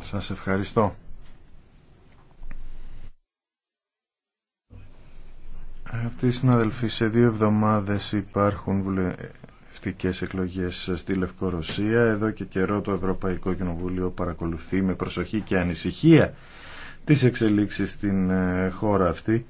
Σας ευχαριστώ. Αγαπητοί συναδελφοί, σε δύο εβδομάδες υπάρχουν βουλευτικές εκλογές στη Λευκορωσία. Εδώ και καιρό το Ευρωπαϊκό Κοινοβούλιο παρακολουθεί με προσοχή και ανησυχία τις εξελίξεις στην ε, χώρα αυτή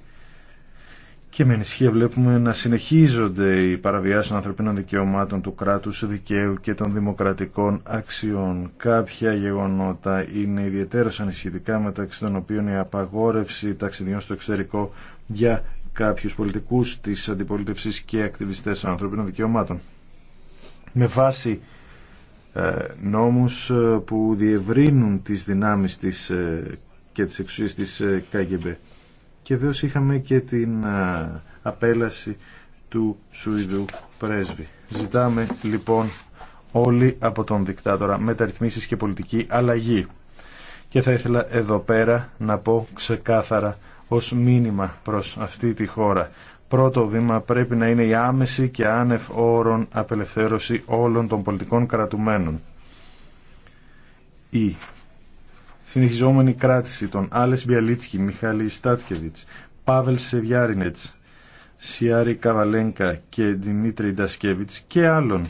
και με ενισχύα βλέπουμε να συνεχίζονται οι παραβιάσεις των ανθρωπίνων δικαιωμάτων του κράτους δικαίου και των δημοκρατικών αξιών. Κάποια γεγονότα είναι ιδιαίτερα ανησυχητικά μεταξύ των οποίων η απαγόρευση ταξιδιών στο εξωτερικό για κάποιους πολιτικούς της αντιπολίτευσης και ακτιβιστές των ανθρωπίνων δικαιωμάτων. Με βάση ε, νόμους ε, που διευρύνουν τις δυνάμεις της, ε, και τις εξουσίες της ΚΑΓΕΜΠΕ. Και βέβαια είχαμε και την ε, απέλαση του Σουηδού πρέσβη. Ζητάμε λοιπόν όλοι από τον δικτάτορα μεταρρυθμίσεις και πολιτική αλλαγή. Και θα ήθελα εδώ πέρα να πω ξεκάθαρα ως μήνυμα προς αυτή τη χώρα. Πρώτο βήμα πρέπει να είναι η άμεση και άνευ όρων απελευθέρωση όλων των πολιτικών κρατουμένων συνεχιζόμενη κράτηση των Άλες Μπιαλίτσκι, Μιχάλη Στάτκεβιτς, Πάβελ Σεβιάρινετς, Σιάρη Καβαλένκα και Δημήτρη Ντασκέβιτς και άλλων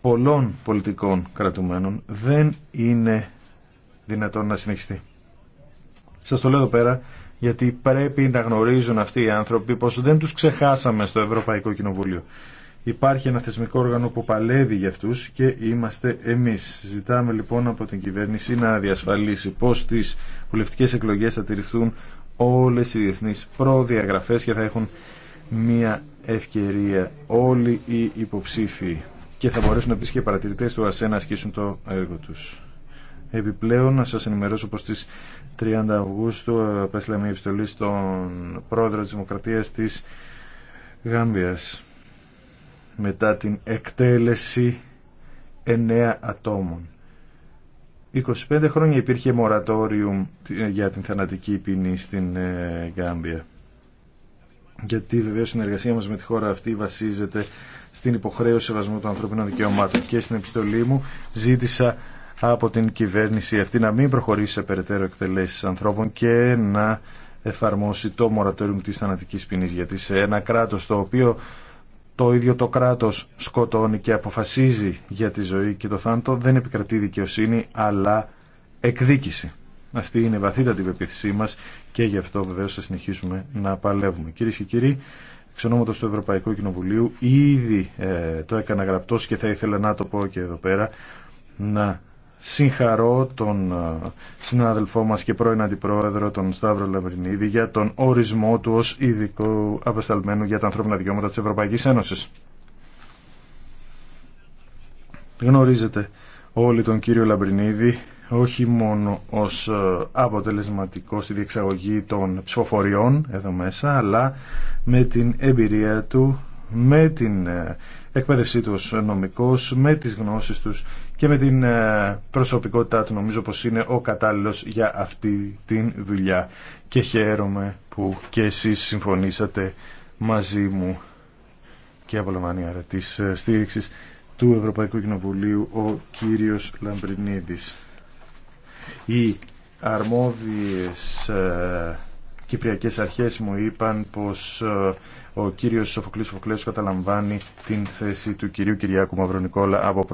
πολλών πολιτικών κρατουμένων δεν είναι δυνατόν να συνεχιστεί. Σας το λέω εδώ πέρα γιατί πρέπει να γνωρίζουν αυτοί οι άνθρωποι πως δεν τους ξεχάσαμε στο Ευρωπαϊκό Κοινοβούλιο. Υπάρχει ένα θεσμικό όργανο που παλεύει για αυτούς και είμαστε εμείς. Ζητάμε λοιπόν από την κυβέρνηση να διασφαλίσει πώς τις βουλευτικές εκλογές θα τηρηθούν όλες οι διεθνείς προδιαγραφές και θα έχουν μια ευκαιρία όλοι οι υποψήφοι και θα μπορέσουν επίσης και οι παρατηρητές του ΑΣΕ να ασκήσουν το έργο τους. Επιπλέον, να σας ενημερώσω πως στις 30 Αυγούστου απέστειλα ε, μια επιστολή στον πρόεδρο της Δημοκρατίας της Γάμπιας μετά την εκτέλεση εννέα ατόμων. 25 χρόνια υπήρχε μορατόριο ε, για την θανατική ποινή στην ε, Γκάμπια. Γιατί βεβαίως η συνεργασία μας με τη χώρα αυτή βασίζεται στην υποχρέωση σεβασμού των ανθρώπινων δικαιωμάτων και στην επιστολή μου ζήτησα από την κυβέρνηση αυτή να μην προχωρήσει σε περαιτέρω εκτελέσεις ανθρώπων και να εφαρμόσει το μορατόριο της θανατικής ποινής γιατί σε ένα κράτος το οποίο το ίδιο το κράτος σκοτώνει και αποφασίζει για τη ζωή και το θάνατο, δεν επικρατεί δικαιοσύνη αλλά εκδίκηση. Αυτή είναι η βαθύτατη πεποίθησή μας και γι' αυτό βεβαίως θα συνεχίσουμε να παλεύουμε. Κυρίε και κύριοι, εξ ονόματος του Ευρωπαϊκού Κοινοβουλίου, ήδη ε, το έκανα γραπτός και θα ήθελα να το πω και εδώ πέρα, να συγχαρώ τον ε, συνάδελφό μας και πρώην αντιπρόεδρο τον Σταύρο Λαμπρινίδη για τον ορισμό του ως ειδικού απεσταλμένου για τα ανθρώπινα δικαιώματα της Ευρωπαϊκής Ένωσης. Γνωρίζετε όλοι τον κύριο Λαμπρινίδη όχι μόνο ως ε, αποτελεσματικό στη διεξαγωγή των ψηφοφοριών εδώ μέσα αλλά με την εμπειρία του με την ε, εκπαίδευσή τους νομικός, με τις γνώσεις τους και με την ε, προσωπικότητά του νομίζω πως είναι ο κατάλληλος για αυτή την δουλειά και χαίρομαι που και εσείς συμφωνήσατε μαζί μου και από Λεμάνια της ε, στήριξης του Ευρωπαϊκού Κοινοβουλίου ο κύριος Λαμπρινίδης. Οι αρμόδιες κυπριακές αρχές μου είπαν πως ε, ο κύριος Σοφοκλής καταλαμβάνει την θέση του κυρίου Κυριάκου Μαυρονικόλα από